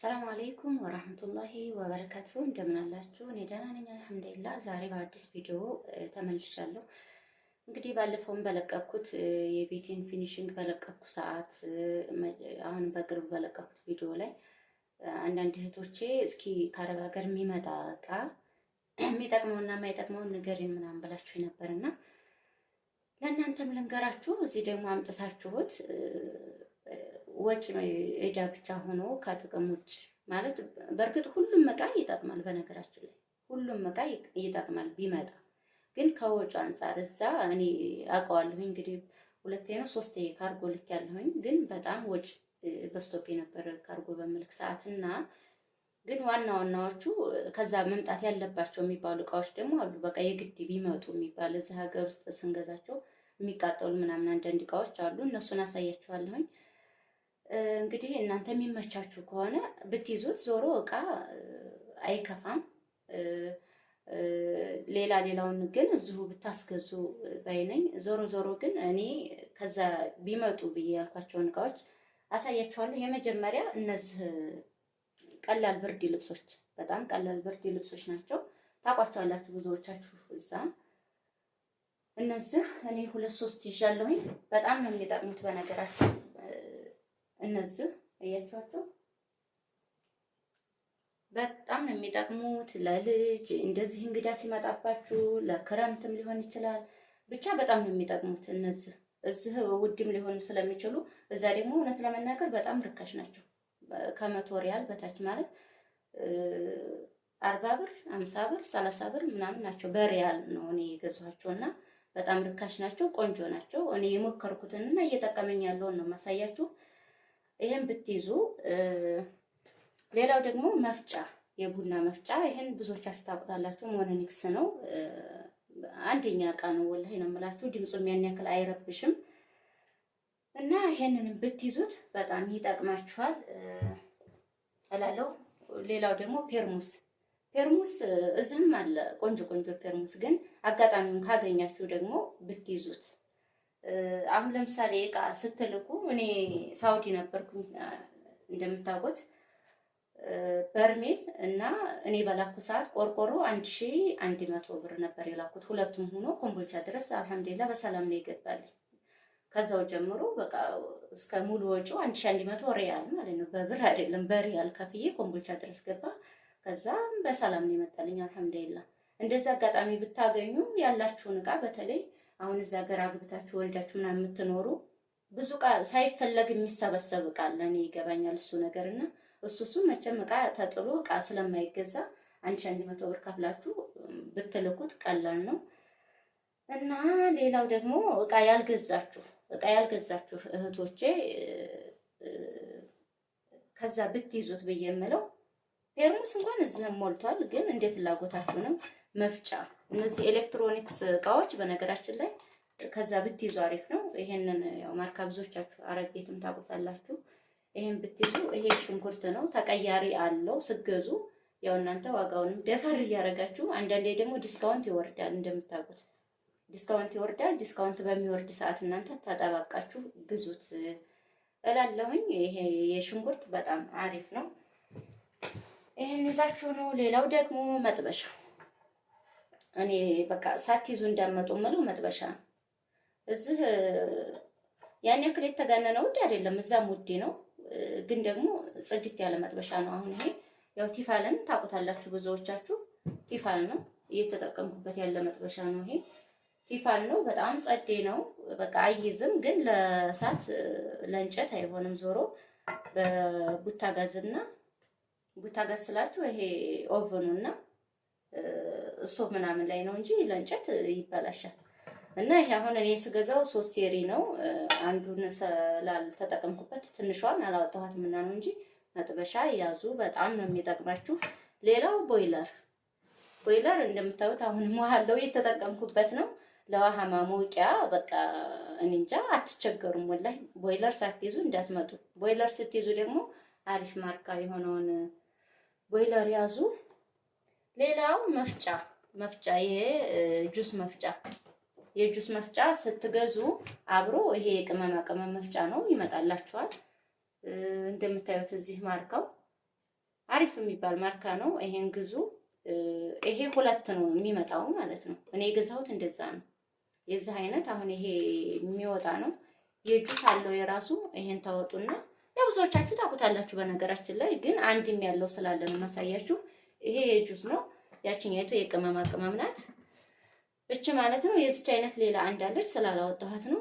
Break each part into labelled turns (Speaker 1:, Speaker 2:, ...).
Speaker 1: ሰላም አለይኩም ወራህመቱላሂ ወበረካቱ። እንደምን አላችሁ? እኔ ደህና ነኝ አልሐምዱሊላህ። ዛሬ በአዲስ ቪዲዮ ተመልሻለሁ። እንግዲህ ባለፈውም በለቀኩት የቤቴን ፊኒሽንግ በለቀኩ ሰዓት አሁን በቅርብ በለቀኩት ቪዲዮ ላይ አንዳንድ እህቶቼ እስኪ ከአረብ ሀገር የሚመጣ እቃ የሚጠቅመውና የማይጠቅመውን ንገሪን ምናምን ብላችሁ የነበርና። ለእናንተም ልንገራችሁ። እዚህ ደግሞ አምጥታችሁት ወጪ ዕዳ ብቻ ሆኖ ከጥቅም ውጭ ማለት በእርግጥ ሁሉም እቃ ይጠቅማል። በነገራችን ላይ ሁሉም እቃ ይጠቅማል ቢመጣ ግን ከወጪ አንጻር እዛ እኔ አውቀዋለሁ እንግዲህ ሁለቴ ነው ሶስቴ ካርጎ ልክ ያለሁኝ ግን በጣም ወጪ በስቶፕ የነበረ ካርጎ በመልክ ሰዓት እና ግን ዋና ዋናዎቹ ከዛ መምጣት ያለባቸው የሚባሉ እቃዎች ደግሞ አሉ። በቃ የግድ ቢመጡ የሚባል እዚህ ሀገር ውስጥ ስንገዛቸው የሚቃጠሉ ምናምን አንዳንድ እቃዎች አሉ። እነሱን አሳያችኋለሁኝ። እንግዲህ እናንተ የሚመቻችሁ ከሆነ ብትይዙት ዞሮ እቃ አይከፋም። ሌላ ሌላውን ግን እዚሁ ብታስገዙ ባይነኝ። ዞሮ ዞሮ ግን እኔ ከዛ ቢመጡ ብዬ ያልኳቸውን እቃዎች አሳያችኋለሁ። የመጀመሪያ እነዚህ ቀላል ብርድ ልብሶች በጣም ቀላል ብርድ ልብሶች ናቸው። ታውቋቸዋላችሁ ብዙዎቻችሁ እዛ እነዚህ እኔ ሁለት ሶስት ይዣለሁኝ። በጣም ነው የሚጠቅሙት በነገራችን እነዚህ እያችኋቸው በጣም ነው የሚጠቅሙት። ለልጅ እንደዚህ እንግዳ ሲመጣባችሁ ለክረምትም ሊሆን ይችላል። ብቻ በጣም ነው የሚጠቅሙት። እነዚህ እዚህ ውድም ሊሆኑ ስለሚችሉ እዛ ደግሞ እውነት ለመናገር በጣም ርካሽ ናቸው። ከመቶ ሪያል በታች ማለት አርባ ብር፣ አምሳ ብር፣ ሰላሳ ብር ምናምን ናቸው። በሪያል ነው እኔ የገዛኋቸው እና በጣም ርካሽ ናቸው። ቆንጆ ናቸው። እኔ የሞከርኩትንና እየጠቀመኝ ያለውን ነው ማሳያችሁ። ይሄን ብትይዙ። ሌላው ደግሞ መፍጫ፣ የቡና መፍጫ ይሄን ብዙዎቻችሁ ታውቁታላችሁ። ሞኖኒክስ ነው፣ አንደኛ እቃ ነው። ወላሂ ነው የምላችሁ። ድምፁም ያን ያክል አይረብሽም እና ይሄንንም ብትይዙት በጣም ይጠቅማችኋል እላለሁ። ሌላው ደግሞ ፔርሙስ ፔርሙስ እዚህም አለ ቆንጆ ቆንጆ ፔርሙስ። ግን አጋጣሚውን ካገኛችሁ ደግሞ ብትይዙት አሁን ለምሳሌ እቃ ስትልኩ እኔ ሳውዲ ነበርኩኝ እንደምታውቁት በርሜል እና እኔ በላኩ ሰዓት ቆርቆሮ አንድ ሺ አንድ መቶ ብር ነበር የላኩት። ሁለቱም ሆኖ ኮምቦልቻ ድረስ አልሐምዱሊላ በሰላም ነው ይገባልኝ። ከዛው ጀምሮ በቃ እስከ ሙሉ ወጪው አንድ ሺ አንድ መቶ ሪያል ማለት ነው፣ በብር አይደለም በሪያል ከፍዬ ኮምቦልቻ ድረስ ገባ። ከዛም በሰላም ነው ይመጣልኝ አልሐምዱሊላ። እንደዛ አጋጣሚ ብታገኙ ያላችሁን እቃ በተለይ አሁን እዚ ሀገር አግብታችሁ ወልዳችሁ ምናምን የምትኖሩ ብዙ ዕቃ ሳይፈለግ የሚሰበሰብ ዕቃ አለ። ይገባኛል እሱ ነገር እና እሱ እሱ መቼም እቃ ተጥሎ እቃ ስለማይገዛ አንቺ አንድ መቶ ብር ከፍላችሁ ብትልኩት ቀላል ነው እና ሌላው ደግሞ እቃ ያልገዛችሁ ዕቃ ያልገዛችሁ እህቶቼ ከዛ ብትይዙት ብዬ የምለው ፌርሙስ እንኳን እዚህም ሞልቷል፣ ግን እንደ ፍላጎታችሁ ነው መፍጫ እነዚህ ኤሌክትሮኒክስ እቃዎች በነገራችን ላይ ከዛ ብትይዙ አሪፍ ነው። ይሄንን ያው ማርካ ብዙዎቻችሁ አረብ ቤትም ታውቁታላችሁ። ይሄን ብትይዙ ይሄ ሽንኩርት ነው፣ ተቀያሪ አለው ስገዙ። ያው እናንተ ዋጋውንም ደፈር እያደረጋችሁ፣ አንዳንዴ ደግሞ ዲስካውንት ይወርዳል። እንደምታውቁት ዲስካውንት ይወርዳል። ዲስካውንት በሚወርድ ሰዓት እናንተ ተጠባቃችሁ ግዙት እላለሁኝ። ይሄ የሽንኩርት በጣም አሪፍ ነው። ይሄን ይዛችሁ ነው። ሌላው ደግሞ መጥበሻ እኔ በቃ ሳትይዙ እንዳመጡ ምለው መጥበሻ ነው። እዚህ ያን ያክል የተጋነነ ውድ አይደለም፣ እዛም ውድ ነው፣ ግን ደግሞ ጽድት ያለ መጥበሻ ነው። አሁን ይሄ ያው ቲፋልን ታውቁታላችሁ ብዙዎቻችሁ። ቲፋል ነው እየተጠቀምኩበት ያለ መጥበሻ ነው። ይሄ ቲፋል ነው፣ በጣም ጸዴ ነው፣ በቃ አይዝም፣ ግን ለእሳት ለእንጨት አይሆንም። ዞሮ በቡታ ጋዝና ቡታ ጋዝ ስላችሁ ይሄ ኦቨኑና ስቶቭ ምናምን ላይ ነው እንጂ ለእንጨት ይበላሻል። እና ይሄ አሁን እኔ ስገዛው ሶስት ሴሪ ነው። አንዱን ስላልተጠቀምኩበት ትንሿን አላወጣኋትም እና ነው እንጂ መጥበሻ ያዙ፣ በጣም ነው የሚጠቅማችሁ። ሌላው ቦይለር ቦይለር እንደምታዩት አሁንም ውሃ አለው የተጠቀምኩበት ነው ለውሃ ማሞቂያ በቃ እንጃ አትቸገሩም። ወላይ ቦይለር ሳትይዙ እንዳትመጡ። ቦይለር ስትይዙ ደግሞ አሪፍ ማርካ የሆነውን ቦይለር ያዙ። ሌላው መፍጫ መፍጫ የጁስ መፍጫ የጁስ መፍጫ ስትገዙ አብሮ ይሄ የቅመማ ቅመም መፍጫ ነው ይመጣላችኋል። እንደምታዩት እዚህ ማርካው አሪፍ የሚባል ማርካ ነው። ይሄን ግዙ። ይሄ ሁለት ነው የሚመጣው ማለት ነው። እኔ የገዛሁት እንደዛ ነው። የዚህ አይነት አሁን ይሄ የሚወጣ ነው። የጁስ አለው የራሱ። ይሄን ታወጡና ያው ብዙዎቻችሁ ታውቁታላችሁ። በነገራችን ላይ ግን አንድም ያለው ስላለ ነው ማሳያችሁ ይሄ የጁስ ነው። ያችኛይቱ የቅመማ ቅመም ናት። እች ማለት ነው። የዚች አይነት ሌላ አንድ አለች ስላላወጣኋት ነው።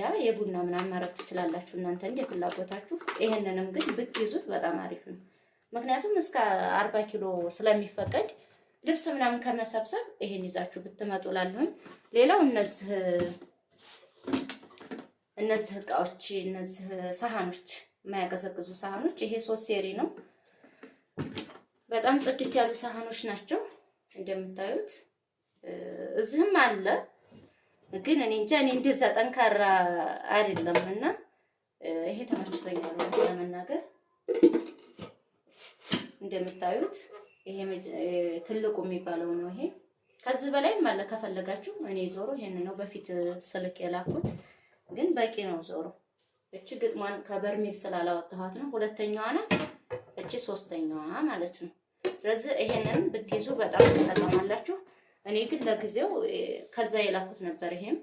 Speaker 1: ያ የቡና ምናምን ማረግ ትችላላችሁ እናንተ እንደ ፍላጎታችሁ። ይሄንንም ግን ብትይዙት በጣም አሪፍ ነው። ምክንያቱም እስከ አርባ ኪሎ ስለሚፈቀድ ልብስ ምናምን ከመሰብሰብ ይሄን ይዛችሁ ብትመጡ ላለሁኝ። ሌላው እነዚህ እነዚህ እቃዎች እነዚህ ሳህኖች፣ የማያቀዘቅዙ ሳህኖች ይሄ ሶስት ሴሪ ነው። በጣም ጽድት ያሉ ሳህኖች ናቸው እንደምታዩት። እዚህም አለ ግን እኔ እንጃ እኔ እንደዛ ጠንካራ አይደለም እና ይሄ ተመችቶኛል ለመናገር እንደምታዩት ይሄ ትልቁ የሚባለው ነው። ይሄ ከዚህ በላይም አለ ከፈለጋችሁ። እኔ ዞሮ ይሄን ነው በፊት ስልክ የላኩት ግን በቂ ነው ዞሮ። እቺ ግጥሟን ከበርሜል ስላላወጣኋት ነው። ሁለተኛዋ ናት እቺ ሶስተኛዋ ማለት ነው። ስለዚህ ይሄንን ብትይዙ በጣም ትጠቀማላችሁ። እኔ ግን ለጊዜው ከዛ የላኩት ነበር። ይሄም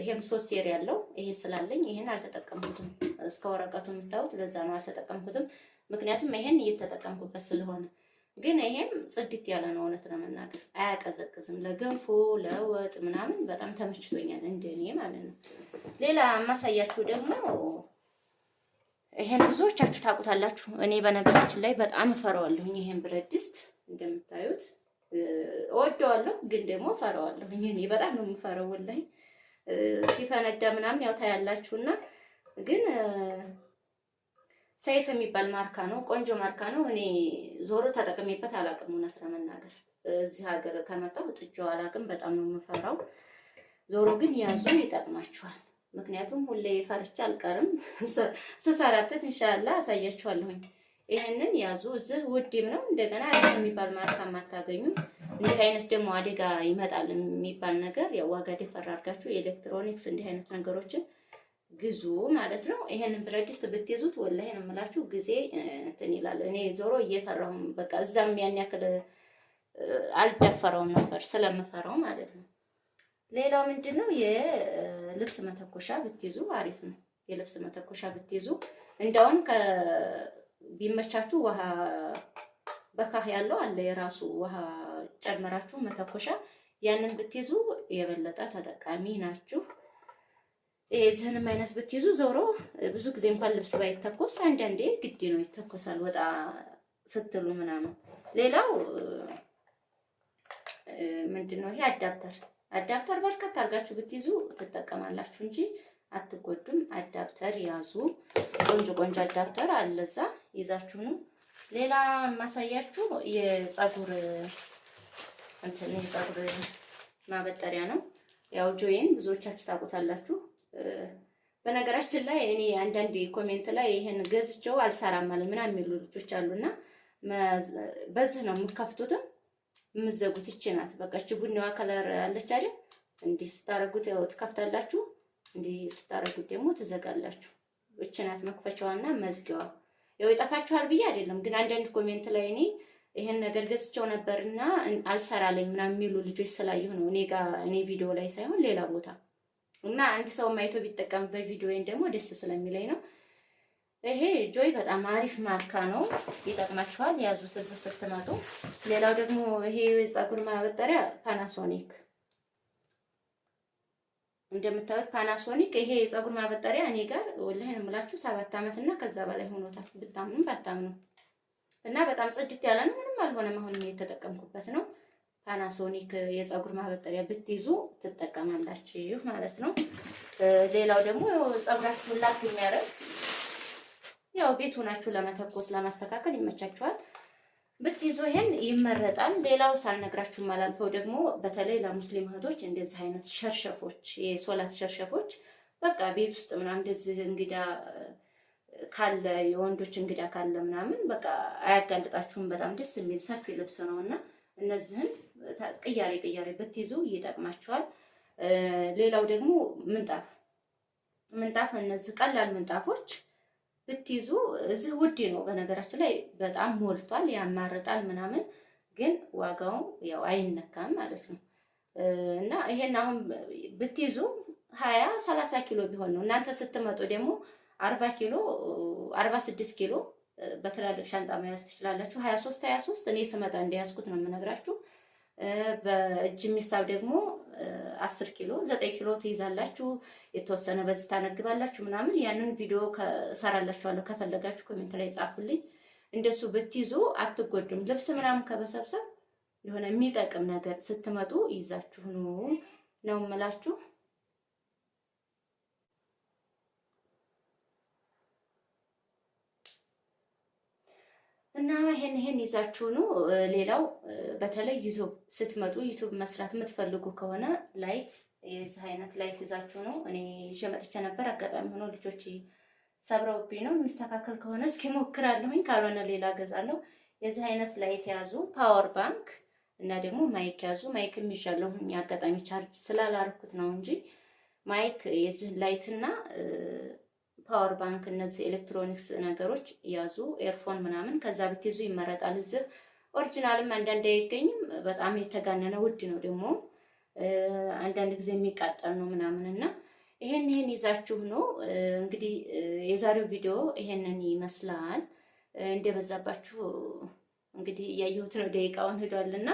Speaker 1: ይሄም ሶስት ሴር ያለው ይሄ ስላለኝ ይሄን አልተጠቀምኩትም። እስከ ወረቀቱ የምታዩት ለዛ ነው አልተጠቀምኩትም። ምክንያቱም ይሄን እየተጠቀምኩበት ስለሆነ ግን ይሄም ጽድት ያለ ነው። እውነት ለመናገር አያቀዘቅዝም። ለገንፎ ለወጥ ምናምን በጣም ተመችቶኛል፣ እንደኔ ማለት ነው። ሌላ የማሳያችሁ ደግሞ ይሄን ብዙዎቻችሁ ታውቁታላችሁ። እኔ በነገራችን ላይ በጣም እፈራዋለሁ። ይሄን ብረት ድስት እንደምታዩት እወደዋለሁ፣ ግን ደግሞ እፈራዋለሁ። እኔ በጣም ነው የምፈራው ወላሂ። ሲፈነዳ ምናምን ያው ታያላችሁና፣ ግን ሰይፍ የሚባል ማርካ ነው፣ ቆንጆ ማርካ ነው። እኔ ዞሮ ተጠቅሜበት አላቅም። እውነት ለመናገር እዚህ ሀገር ከመጣሁ ጥጆ አላቅም። በጣም ነው የምፈራው። ዞሮ ግን ያዙ፣ ይጠቅማችኋል። ምክንያቱም ሁሌ ፈርቻ አልቀርም። ስሰራበት እንሻላ አሳያችኋለሁኝ። ይህንን ያዙ። እዚህ ውድም ነው እንደገና የሚባል ማርካ ማታገኙ። እንዲህ አይነት ደግሞ አደጋ ይመጣል የሚባል ነገር ያው ዋጋ ደፈር አድርጋችሁ የኤሌክትሮኒክስ እንዲህ አይነት ነገሮችን ግዙ ማለት ነው። ይሄንን ብረት ድስት ብትይዙት ወላሂ ነው የምላችሁ ጊዜ እንትን ይላል። እኔ ዞሮ እየፈራሁም በቃ እዛም ያን ያክል አልደፈረውም ነበር ስለምፈራው ማለት ነው። ሌላው ምንድን ነው የልብስ መተኮሻ ብትይዙ አሪፍ ነው። የልብስ መተኮሻ ብትይዙ እንደውም ቢመቻችሁ ውሃ በካህ ያለው አለ የራሱ ውሃ ጨምራችሁ መተኮሻ ያንን ብትይዙ የበለጠ ተጠቃሚ ናችሁ። የዚህንም አይነት ብትይዙ ዞሮ ብዙ ጊዜ እንኳን ልብስ ባይተኮስ አንዳንዴ ግድ ነው ይተኮሳል፣ ወጣ ስትሉ ምናምን። ሌላው ምንድን ነው ይሄ አዳፕተር አዳፕተር በርከት አድርጋችሁ ብትይዙ ትጠቀማላችሁ እንጂ አትጎዱም። አዳፕተር ያዙ። ቆንጆ ቆንጆ አዳፕተር አለዛ ይዛችሁ ነው። ሌላ ማሳያችሁ የፀጉር እንትን የፀጉር ማበጠሪያ ነው። ያው ጆይን ብዙዎቻችሁ ታውቁታላችሁ። በነገራችን ላይ እኔ አንዳንድ ኮሜንት ላይ ይሄን ገዝቼው አልሰራም ማለት ምናምን የሚሉ ልጆች አሉና በዚህ ነው የምከፍቱትም የምዘጉት እቺ ናት። በቃ እቺ ቡኒዋ ከለር አለች አይደል? እንዲህ ስታረጉት ያው ትከፍታላችሁ። እንዲህ ስታረጉት ደግሞ ትዘጋላችሁ። እቺ ናት መክፈቻዋና መዝጊያዋ። ያው ይጠፋችኋል ብዬ አይደለም፣ ግን አንዳንድ ኮሜንት ላይ እኔ ይሄን ነገር ገጽቸው ነበርና አልሰራለኝ ምናምን የሚሉ ልጆች ስላየሁ ነው እኔ ጋ እኔ ቪዲዮ ላይ ሳይሆን ሌላ ቦታ እና አንድ ሰው ማይቶ ቢጠቀምበት ቪዲዮ ወይም ደግሞ ደስ ስለሚለኝ ነው። ይሄ ጆይ በጣም አሪፍ ማርካ ነው፣ ይጠቅማችኋል። ያዙት እዚህ ስትመጡ። ሌላው ደግሞ ይሄ የፀጉር ማበጠሪያ ፓናሶኒክ እንደምታዩት ፓናሶኒክ። ይሄ የፀጉር ማበጠሪያ እኔ ጋር ወላሂ የምላችሁ ሰባት ዓመት እና ከዛ በላይ ሆኖታል፣ ብታምኑም ባታምኑም እና በጣም ጽድት ያለ ነው። ምንም አልሆነም። አሁንም እየተጠቀምኩበት ነው። ፓናሶኒክ የፀጉር ማበጠሪያ ብትይዙ ትጠቀማላችሁ ማለት ነው። ሌላው ደግሞ ፀጉራችሁን ላክ የሚያደርግ ያው ቤት ሆናችሁ ለመተኮስ ለማስተካከል ይመቻችኋል። ብትይዙ ይሄን ይመረጣል። ሌላው ሳልነግራችሁ ማላልፈው ደግሞ በተለይ ለሙስሊም እህቶች እንደዚህ አይነት ሸርሸፎች፣ የሶላት ሸርሸፎች በቃ ቤት ውስጥ ምናምን እንደዚህ እንግዳ ካለ የወንዶች እንግዳ ካለ ምናምን በቃ አያጋልጣችሁም። በጣም ደስ የሚል ሰፊ ልብስ ነው እና እነዚህን ቅያሬ ቅያሬ ብትይዙ ይጠቅማችኋል። ሌላው ደግሞ ምንጣፍ ምንጣፍ እነዚህ ቀላል ምንጣፎች ብትይዙ እዚህ ውድ ነው። በነገራችን ላይ በጣም ሞልቷል፣ ያማርጣል ምናምን፣ ግን ዋጋው ያው አይነካም ማለት ነው። እና ይሄን አሁን ብትይዙ ሀያ ሰላሳ ኪሎ ቢሆን ነው። እናንተ ስትመጡ ደግሞ አርባ ኪሎ አርባ ስድስት ኪሎ በትላልቅ ሻንጣ መያዝ ትችላላችሁ። ሀያ ሶስት ሀያ ሶስት እኔ ስመጣ እንደያዝኩት ነው የምነግራችሁ በእጅ የሚሳብ ደግሞ አስር ኪሎ ዘጠኝ ኪሎ ትይዛላችሁ። የተወሰነ በዚህ ታነግባላችሁ ምናምን ያንን ቪዲዮ ሰራላችኋለሁ። ከፈለጋችሁ ኮሜንት ላይ ጻፉልኝ። እንደሱ ብትይዙ አትጎዱም። ልብስ ምናምን ከመሰብሰብ የሆነ የሚጠቅም ነገር ስትመጡ ይዛችሁ ነው ነው የምላችሁ። እና ይሄን ይሄን ይዛችሁ ነው። ሌላው በተለይ ዩቱብ ስትመጡ ዩቱብ መስራት የምትፈልጉ ከሆነ ላይት፣ የዚህ አይነት ላይት ይዛችሁ ነው። እኔ ይዤ መጥቼ ነበር፣ አጋጣሚ ሆኖ ልጆች ሰብረውብኝ ነው። የሚስተካከል ከሆነ እስኪ ሞክራለሁኝ፣ ካልሆነ ሌላ ገዛለሁ። የዚህ አይነት ላይት ያዙ፣ ፓወር ባንክ እና ደግሞ ማይክ ያዙ። ማይክ የሚሻለሁኝ አጋጣሚ ቻርጅ ስላላርኩት ነው እንጂ ማይክ የዚህ ላይትና ፓወር ባንክ፣ እነዚህ ኤሌክትሮኒክስ ነገሮች ያዙ። ኤርፎን ምናምን ከዛ ብትይዙ ይመረጣል። እዚህ ኦሪጂናልም አንዳንድ አይገኝም። በጣም የተጋነነ ውድ ነው ደግሞ አንዳንድ ጊዜ የሚቃጠል ነው ምናምን እና ይሄን ይሄን ይዛችሁ ነው እንግዲህ የዛሬው ቪዲዮ ይሄንን ይመስላል። እንደበዛባችሁ እንግዲህ እያየሁት ነው፣ ደቂቃውን ሄዷልና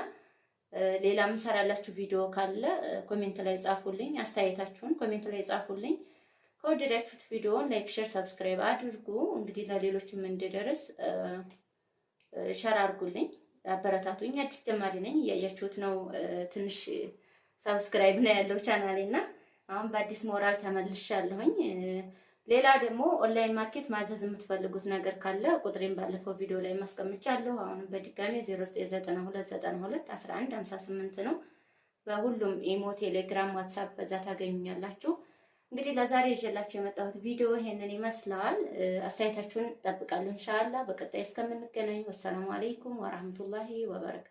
Speaker 1: ሌላ ምሰራላችሁ ቪዲዮ ካለ ኮሜንት ላይ ጻፉልኝ። አስተያየታችሁን ኮሜንት ላይ ጻፉልኝ። ከወደዳችሁት ቪዲዮውን ላይክ፣ ሼር፣ ሰብስክራይብ አድርጉ። እንግዲህ ለሌሎችም እንድደርስ ሸር አድርጉልኝ፣ አበረታቱኝ። አዲስ ጀማሪ ነኝ፣ እያያችሁት ነው። ትንሽ ሰብስክራይብ ነው ያለው ቻናሌ እና አሁን በአዲስ ሞራል ተመልሻለሁኝ። ሌላ ደግሞ ኦንላይን ማርኬት ማዘዝ የምትፈልጉት ነገር ካለ ቁጥሬን ባለፈው ቪዲዮ ላይ ማስቀምጫለሁ። አሁን በድጋሚ 0992921158 ነው። በሁሉም ኢሞ፣ ቴሌግራም፣ ዋትሳፕ በዛ ታገኙኛላችሁ። እንግዲህ ለዛሬ ይዤላችሁ የመጣሁት ቪዲዮ ይሄንን ይመስላል። አስተያየታችሁን ጠብቃለሁ። ኢንሻአላህ በቀጣይ እስከምንገናኝ ወሰላሙ አለይኩም ወራህመቱላሂ ወበረካቱ።